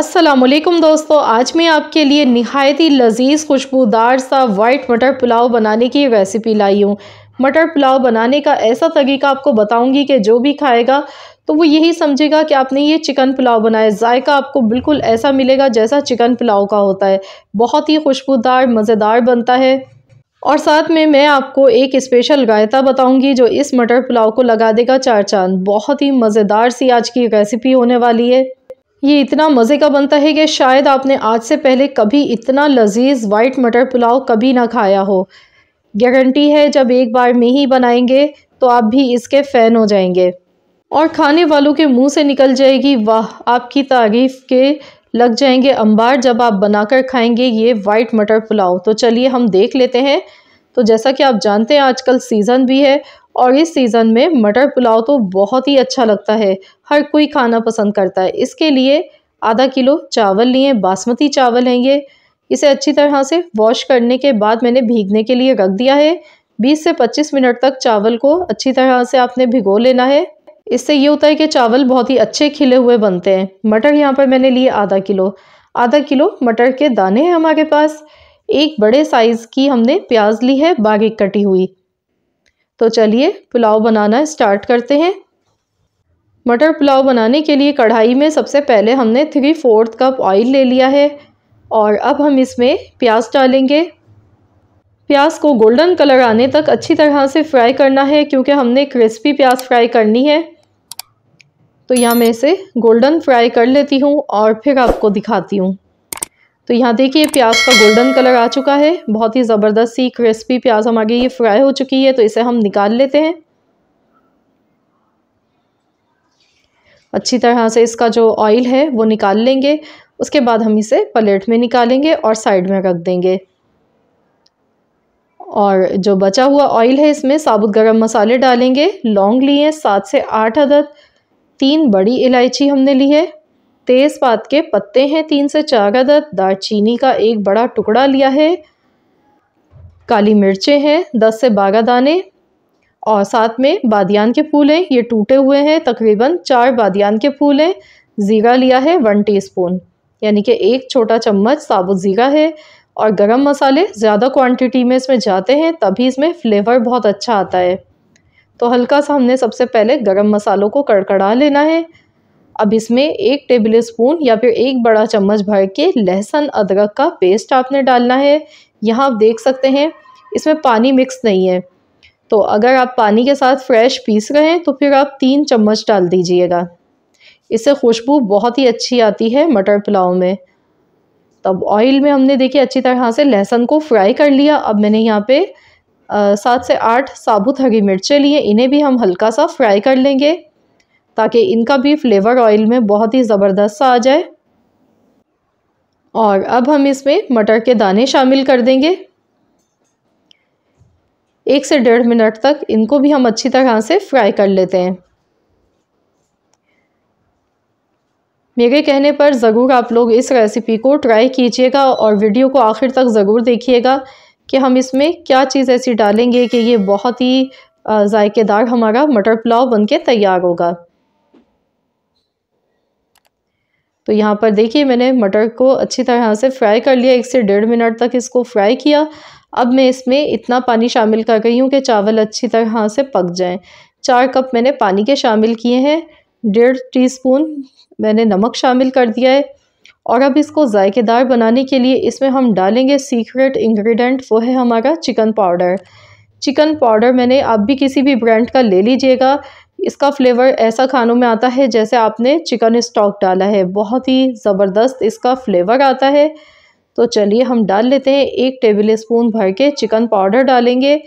असलम दोस्तों आज मैं आपके लिए नहायत ही लजीज़ खुशबूदार सा वाइट मटर पुलाव बनाने की रेसिपी लाई हूँ मटर पुलाव बनाने का ऐसा तरीका आपको बताऊंगी कि जो भी खाएगा तो वो यही समझेगा कि आपने ये चिकन पुलाव बनाया जायका आपको बिल्कुल ऐसा मिलेगा जैसा चिकन पुलाव का होता है बहुत ही खुशबूदार मज़ेदार बनता है और साथ में मैं आपको एक स्पेशल रायता बताऊंगी जो इस मटर पुलाव को लगा देगा चार चांद बहुत ही मज़ेदार सी आज की रेसिपी होने वाली है ये इतना मज़े का बनता है कि शायद आपने आज से पहले कभी इतना लजीज वाइट मटर पुलाव कभी ना खाया हो गारंटी है जब एक बार में ही बनाएंगे तो आप भी इसके फ़ैन हो जाएंगे और खाने वालों के मुंह से निकल जाएगी वाह आपकी तारीफ़ के लग जाएंगे अंबार जब आप बनाकर खाएंगे ये वाइट मटर पुलाव तो चलिए हम देख लेते हैं तो जैसा कि आप जानते हैं आजकल सीज़न भी है और इस सीज़न में मटर पुलाव तो बहुत ही अच्छा लगता है हर कोई खाना पसंद करता है इसके लिए आधा किलो चावल लिए बासमती चावल हैं ये इसे अच्छी तरह से वॉश करने के बाद मैंने भीगने के लिए रख दिया है 20 से 25 मिनट तक चावल को अच्छी तरह से आपने भिगो लेना है इससे ये होता है कि चावल बहुत ही अच्छे खिले हुए बनते हैं मटर यहाँ पर मैंने लिए आधा किलो आधा किलो मटर के दाने हैं हमारे पास एक बड़े साइज़ की हमने प्याज ली है बारीक कटी हुई तो चलिए पुलाव बनाना स्टार्ट करते हैं मटर पुलाव बनाने के लिए कढ़ाई में सबसे पहले हमने थ्री फोर्थ कप ऑयल ले लिया है और अब हम इसमें प्याज डालेंगे प्याज को गोल्डन कलर आने तक अच्छी तरह से फ्राई करना है क्योंकि हमने क्रिस्पी प्याज फ्राई करनी है तो यहाँ मैं इसे गोल्डन फ्राई कर लेती हूँ और फिर आपको दिखाती हूँ तो यहाँ देखिए प्याज का गोल्डन कलर आ चुका है बहुत ही ज़बरदस्त सी क्रिस्पी प्याज हमारी ये फ्राई हो चुकी है तो इसे हम निकाल लेते हैं अच्छी तरह से इसका जो ऑयल है वो निकाल लेंगे उसके बाद हम इसे प्लेट में निकालेंगे और साइड में रख देंगे और जो बचा हुआ ऑयल है इसमें साबुत गरम मसाले डालेंगे लौंग लिए हैं सात से आठ अदद तीन बड़ी इलायची हमने ली है तेज़पात के पत्ते हैं तीन से चार अदद दालचीनी का एक बड़ा टुकड़ा लिया है काली मिर्चें हैं दस से बारह दाने और साथ में बादियान के फूल हैं ये टूटे हुए हैं तकरीबन चार बादियान के फूल हैं ज़ीरा लिया है वन टीस्पून यानी कि एक छोटा चम्मच साबुत ज़ीरा है और गरम मसाले ज़्यादा क्वांटिटी में इसमें जाते हैं तभी इसमें फ्लेवर बहुत अच्छा आता है तो हल्का सा हमने सबसे पहले गरम मसालों को कड़कड़ा लेना है अब इसमें एक टेबल स्पून या फिर एक बड़ा चम्मच भर के लहसुन अदरक का पेस्ट आपने डालना है यहाँ आप देख सकते हैं इसमें पानी मिक्स नहीं है तो अगर आप पानी के साथ फ्रेश पीस रहे हैं तो फिर आप तीन चम्मच डाल दीजिएगा इससे खुशबू बहुत ही अच्छी आती है मटर पुलाव में तब ऑयल में हमने देखिए अच्छी तरह से लहसुन को फ्राई कर लिया अब मैंने यहाँ पे सात से आठ साबुत हरी मिर्चें लिए इन्हें भी हम हल्का सा फ्राई कर लेंगे ताकि इनका भी फ्लेवर ऑयल में बहुत ही ज़बरदस्त सा आ जाए और अब हम इसमें मटर के दाने शामिल कर देंगे एक से डेढ़ मिनट तक इनको भी हम अच्छी तरह से फ्राई कर लेते हैं मेरे कहने पर ज़रूर आप लोग इस रेसिपी को ट्राई कीजिएगा और वीडियो को आखिर तक ज़रूर देखिएगा कि हम इसमें क्या चीज़ ऐसी डालेंगे कि ये बहुत ही ज़ायकेदार हमारा मटर पुलाव बनके तैयार होगा तो यहाँ पर देखिए मैंने मटर को अच्छी तरह से फ्राई कर लिया एक से डेढ़ मिनट तक इसको फ्राई किया अब मैं इसमें इतना पानी शामिल कर रही हूँ कि चावल अच्छी तरह से पक जाएँ चार कप मैंने पानी के शामिल किए हैं डेढ़ स्पून मैंने नमक शामिल कर दिया है और अब इसको जायकेदार बनाने के लिए इसमें हम डालेंगे सीक्रेट इंग्रेडिएंट वो है हमारा चिकन पाउडर चिकन पाउडर मैंने आप भी किसी भी ब्रांड का ले लीजिएगा इसका फ्लेवर ऐसा खानों में आता है जैसे आपने चिकन स्टॉक डाला है बहुत ही ज़बरदस्त इसका फ्लेवर आता है तो चलिए हम डाल लेते हैं एक टेबल स्पून भर के चिकन पाउडर डालेंगे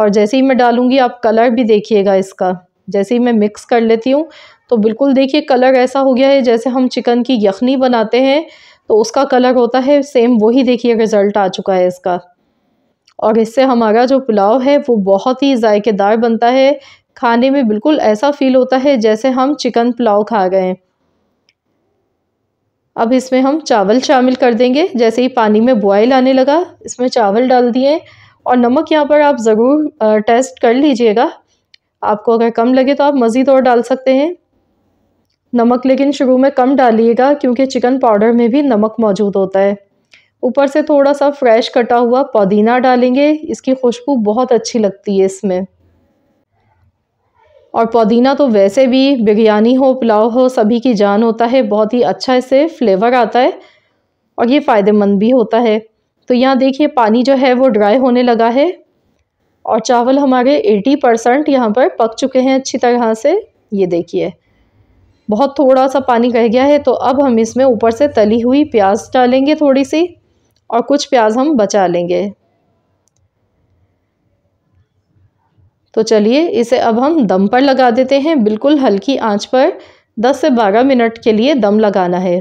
और जैसे ही मैं डालूँगी आप कलर भी देखिएगा इसका जैसे ही मैं मिक्स कर लेती हूँ तो बिल्कुल देखिए कलर ऐसा हो गया है जैसे हम चिकन की यखनी बनाते हैं तो उसका कलर होता है सेम वही देखिए रिज़ल्ट आ चुका है इसका और इससे हमारा जो पुलाव है वो बहुत ही ज़ायकेदार बनता है खाने में बिल्कुल ऐसा फील होता है जैसे हम चिकन पुलाव खा गए अब इसमें हम चावल शामिल कर देंगे जैसे ही पानी में बॉयल आने लगा इसमें चावल डाल दिए और नमक यहाँ पर आप ज़रूर टेस्ट कर लीजिएगा आपको अगर कम लगे तो आप मज़ीद और डाल सकते हैं नमक लेकिन शुरू में कम डालिएगा क्योंकि चिकन पाउडर में भी नमक मौजूद होता है ऊपर से थोड़ा सा फ्रेश कटा हुआ पुदीना डालेंगे इसकी खुशबू बहुत अच्छी लगती है इसमें और पुदीना तो वैसे भी बिरयानी हो पुलाव हो सभी की जान होता है बहुत ही अच्छा इससे फ्लेवर आता है और ये फ़ायदेमंद भी होता है तो यहाँ देखिए पानी जो है वो ड्राई होने लगा है और चावल हमारे 80 परसेंट यहाँ पर पक चुके हैं अच्छी तरह से ये देखिए बहुत थोड़ा सा पानी रह गया है तो अब हम इसमें ऊपर से तली हुई प्याज डालेंगे थोड़ी सी और कुछ प्याज हम बचा लेंगे तो चलिए इसे अब हम दम पर लगा देते हैं बिल्कुल हल्की आंच पर 10 से 12 मिनट के लिए दम लगाना है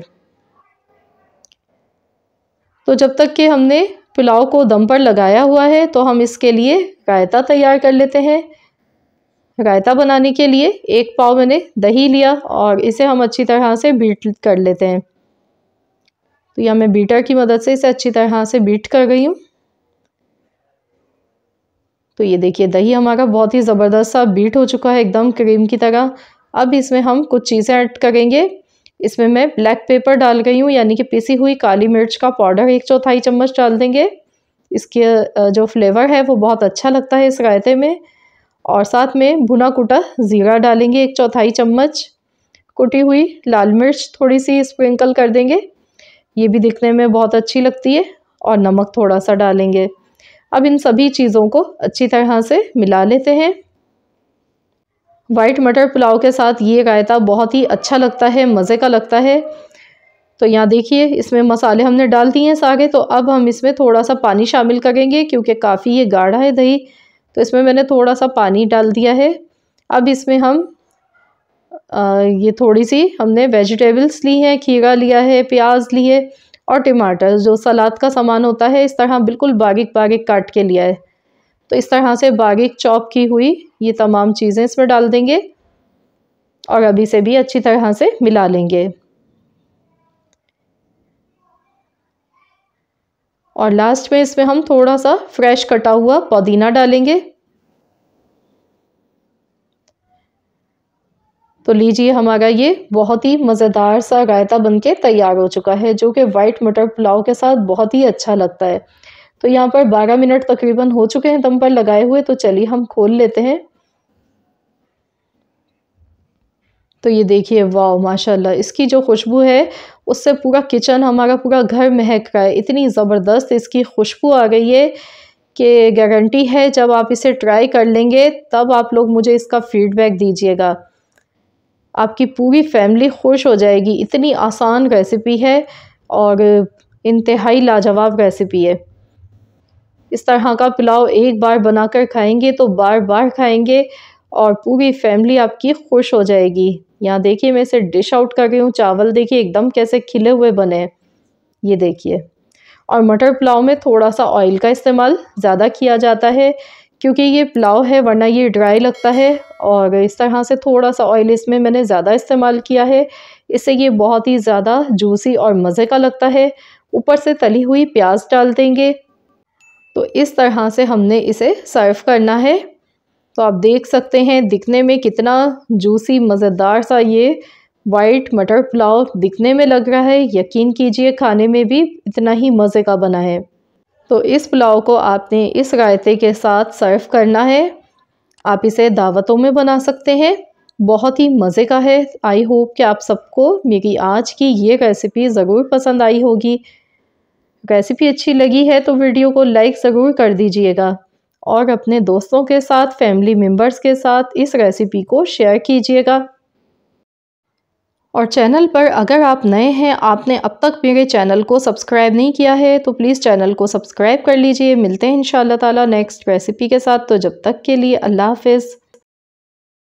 तो जब तक कि हमने पुलाव को दम पर लगाया हुआ है तो हम इसके लिए रायता तैयार कर लेते हैं रायता बनाने के लिए एक पाव मैंने दही लिया और इसे हम अच्छी तरह से बीट कर लेते हैं तो यह मैं बीटर की मदद से इसे अच्छी तरह से बीट कर गई हूँ तो ये देखिए दही हमारा बहुत ही ज़बरदस्त सा बीट हो चुका है एकदम क्रीम की तरह अब इसमें हम कुछ चीज़ें ऐड करेंगे इसमें मैं ब्लैक पेपर डाल गई हूँ यानी कि पिसी हुई काली मिर्च का पाउडर एक चौथाई चम्मच डाल देंगे इसके जो फ्लेवर है वो बहुत अच्छा लगता है इस रायते में और साथ में भुना कुटा ज़ीरा डालेंगे एक चौथाई चम्मच कुटी हुई लाल मिर्च थोड़ी सी स्प्रिंकल कर देंगे ये भी दिखने में बहुत अच्छी लगती है और नमक थोड़ा सा डालेंगे अब इन सभी चीज़ों को अच्छी तरह से मिला लेते हैं वाइट मटर पुलाव के साथ ये रायता बहुत ही अच्छा लगता है मज़े का लगता है तो यहाँ देखिए इसमें मसाले हमने डाल दिए हैं सारे तो अब हम इसमें थोड़ा सा पानी शामिल करेंगे क्योंकि काफ़ी ये गाढ़ा है दही तो इसमें मैंने थोड़ा सा पानी डाल दिया है अब इसमें हम आ, ये थोड़ी सी हमने वेजिटेबल्स ली हैं खीरा लिया है प्याज ली है और टमाटर जो सलाद का सामान होता है इस तरह बिल्कुल बागिक बागिक काट के लिया है तो इस तरह से बागिक चॉप की हुई ये तमाम चीज़ें इसमें डाल देंगे और अभी से भी अच्छी तरह से मिला लेंगे और लास्ट में इसमें हम थोड़ा सा फ्रेश कटा हुआ पुदीना डालेंगे तो लीजिए हमारा ये बहुत ही मज़ेदार सा रायता बन के तैयार हो चुका है जो कि वाइट मटर पुलाव के साथ बहुत ही अच्छा लगता है तो यहाँ पर 12 मिनट तकरीबन हो चुके हैं दम पर लगाए हुए तो चलिए हम खोल लेते हैं तो ये देखिए वाह माशाल्लाह इसकी जो खुशबू है उससे पूरा किचन हमारा पूरा घर महक रहा है इतनी ज़बरदस्त इसकी खुशबू आ गई है कि गारंटी है जब आप इसे ट्राई कर लेंगे तब आप लोग मुझे इसका फ़ीडबैक दीजिएगा आपकी पूरी फैमिली खुश हो जाएगी इतनी आसान रेसिपी है और इंतहाई लाजवाब रेसिपी है इस तरह का पुलाव एक बार बनाकर खाएंगे तो बार बार खाएंगे और पूरी फैमिली आपकी खुश हो जाएगी यहाँ देखिए मैं इसे डिश आउट कर रही हूँ चावल देखिए एकदम कैसे खिले हुए बने ये देखिए और मटर पुलाव में थोड़ा सा ऑयल का इस्तेमाल ज़्यादा किया जाता है क्योंकि ये पुलाव है वरना ये ड्राई लगता है और इस तरह से थोड़ा सा ऑयल इसमें मैंने ज़्यादा इस्तेमाल किया है इससे ये बहुत ही ज़्यादा जूसी और मज़े का लगता है ऊपर से तली हुई प्याज डाल देंगे तो इस तरह से हमने इसे सर्व करना है तो आप देख सकते हैं दिखने में कितना जूसी मज़ेदार सा ये वाइट मटर पुलाव दिखने में लग रहा है यकीन कीजिए खाने में भी इतना ही मज़े का बना है तो इस पुलाव को आपने इस रायते के साथ सर्व करना है आप इसे दावतों में बना सकते हैं बहुत ही मज़े का है आई होप कि आप सबको मेरी आज की ये रेसिपी ज़रूर पसंद आई होगी रेसिपी अच्छी लगी है तो वीडियो को लाइक ज़रूर कर दीजिएगा और अपने दोस्तों के साथ फैमिली मेम्बर्स के साथ इस रेसिपी को शेयर कीजिएगा और चैनल पर अगर आप नए हैं आपने अब तक मेरे चैनल को सब्सक्राइब नहीं किया है तो प्लीज़ चैनल को सब्सक्राइब कर लीजिए मिलते हैं इन ताला नेक्स्ट रेसिपी के साथ तो जब तक के लिए अल्लाह हाफिज़